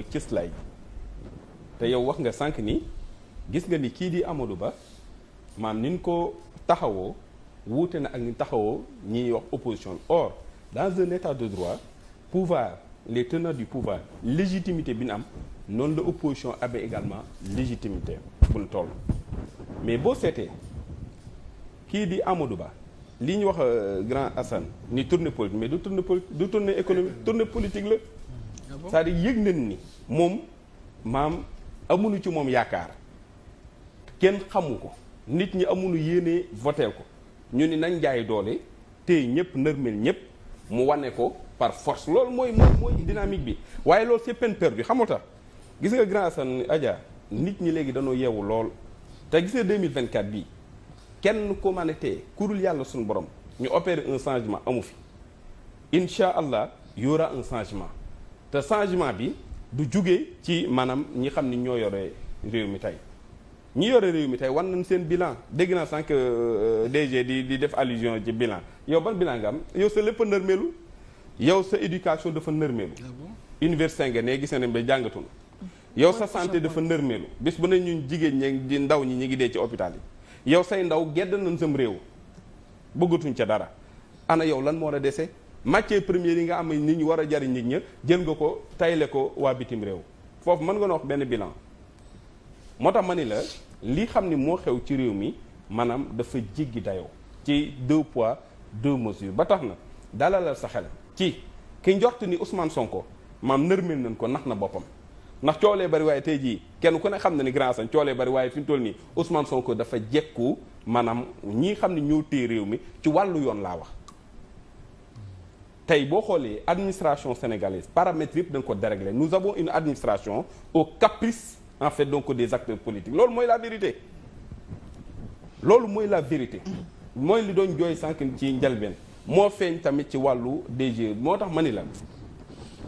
mooy cëslaay te yow wax nga sànq ni gis nga ni kii di Amadou Ba maam niñ ko taxawoo wuute na ak ni taxawoo ñiy wax opposition bi or dans un état de droit pouvoir les tenants du pouvoir légitimité bi nu am noonu la opposition amee également légitimité bu ñu toll mais boo seetee kii di Amadou Ba li ñu wax euh, grand Assane ni tournée politique mais du tournée politique du tournée économique tournée politique la Ah c'est-à-dire yëg nañ ni moom maam amuñu ci moom yaakaar kenn xamu ko nit ñi amuñu yéene voté ko ñu ni nañ jaay doole te ñëpp nërmel ñëpp mu wane ko par force loolu mooy mooy mooy bi waaye loolu c'est peine perdue xamoo tax gis nga grand san Adja nit ñi léegi dañoo yeewu lool te gis nga 2024 bii kenn ko mën a yàlla suñu borom ñu opérer un changement amu fi incha allah y aura un changement te changement bi du jugee ci maanaam ñi xam ni ñoo yore réew mi tey ñi yore réew mi tey wan nañ seen bilan dégg naa sànq euh, DG di di def allusion ci bilan yow ban bilan nga am yow sa lépp a nërmeelu yow sa éducation dafa nërmeelu ah université nga ne gis nañ ba jàngatul mm-hmm. yow sa santé dafa nërmeelu bis bu ne ñun jigéen ñi di ndaw ñi ñu ngi dee ci hôpital yi yow say ndaw gedd nañ sam réew bëggatuñ ca dara ana yow lan moo la dese matière première yi nga am nit ñi war a jariñ nit ña jël nga ko tayle ko waa bitim réew foofu mën nga na wax benn bilan moo tax ma ni la li xam ni moo xew ci réew mi maanaam dafa jéggi dayoo ci deux poids deux yu ba tax na dalalal sa xel ci ki njort ni Ousmane Sonko maam nërmel nañ ko nax na boppam ndax coolee bari waaye tey jii kenn ku ne xam na ni grand san coolee bari waaye fi mu toll nii Ousmane Sonko dafa jekku maanaam ñii xam ne ñoo téye réew mi ci wàllu yoon laa wax tey boo xoolee administration sénégalaise paramètres yëpp danga nga ko dérégler nous avons une administration au caprice en fait donc des acteurs politiques loolu mooy la vérité loolu mooy la vérité mooy li doon jooy sànq ci njëlbeen moo feeñ tamit ci wàllu DG moo tax ma ni la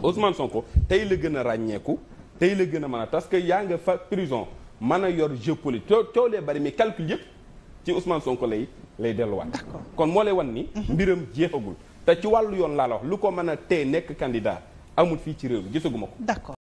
Ousmane Sonko tey la gën a ràññeeku tey la gën a mën a parce que yaa nga fa prison mën a yor jeu politique coow lee bari mi calcul yëpp ci Ousmane Sonko lay lay delluwaat. kon moo lay wan ni. Mhm. mbiram jeexagul. te ci wàllu yoon laa lu ko mën a tee nekk candidat amul fii ci réew gisaguma ko. d'accord.